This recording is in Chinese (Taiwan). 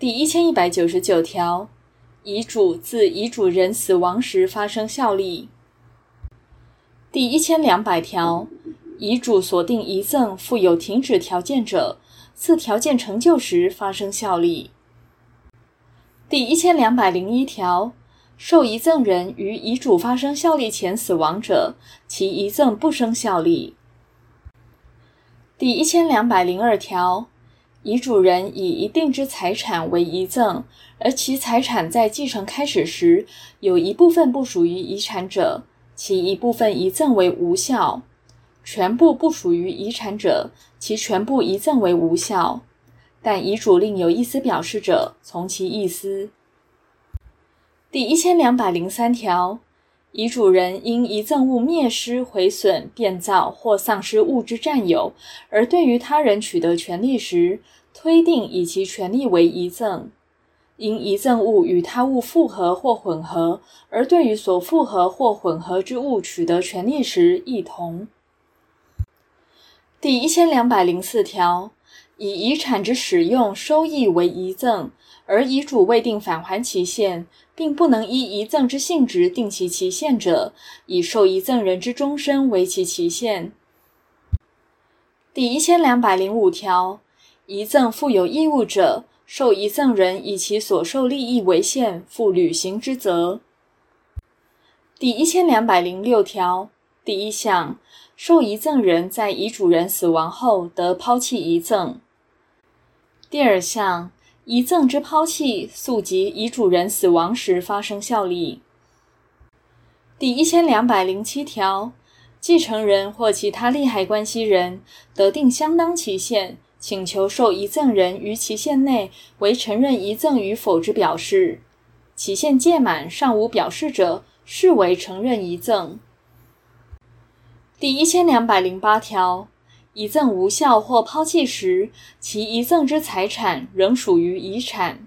第一千一百九十九條，遺囑自遺囑人死亡時發生效力。第一千兩百條，遺囑所定遺贈附有停止條件者，自條件成就時發生效力。第一千兩百零一條，受遺贈人於遺囑發生效力前死亡者，其遺贈不生效力。第一千兩百零二條。遺囑人以一定之財產為遺贈，而其財產在繼承開始時有一部分不屬於遺產者，其一部分遺贈為無效；全部不屬於遺產者，其全部遺贈為無效。但遺囑另有意思表示者，從其意思。第一千兩百零三條。遺囑人因遺贈物滅失、毀損、變造或喪失物之佔有，而對於他人取得權利時，推定以其權利為遺贈；因遺贈物與他物附合或混合，而對於所附合或混合之物取得權利時，亦同。第一千兩百零四條。以遺產之使用收益為遺贈，而遺囑未定返還期限，並不能依遺贈之性質定其期限者，以受遺贈人之終身為其期限。第一千兩百零五條，遺贈負有義務者，受遺贈人以其所受利益為限負履行之責。第一千兩百零六條第一項，受遺贈人在遺囑人死亡後得拋棄遺贈。第二項，遺贈之拋棄，溯及遺囑人死亡時發生效力。第一千兩百零七條，繼承人或其他利害關係人得定相當期限，請求受遺贈人於期限內為承認遺贈與否之表示。期限屆滿尚無表示者，視為承認遺贈。第一千兩百零八條。遺贈無效或拋棄時，其遺贈之財產仍屬於遺產。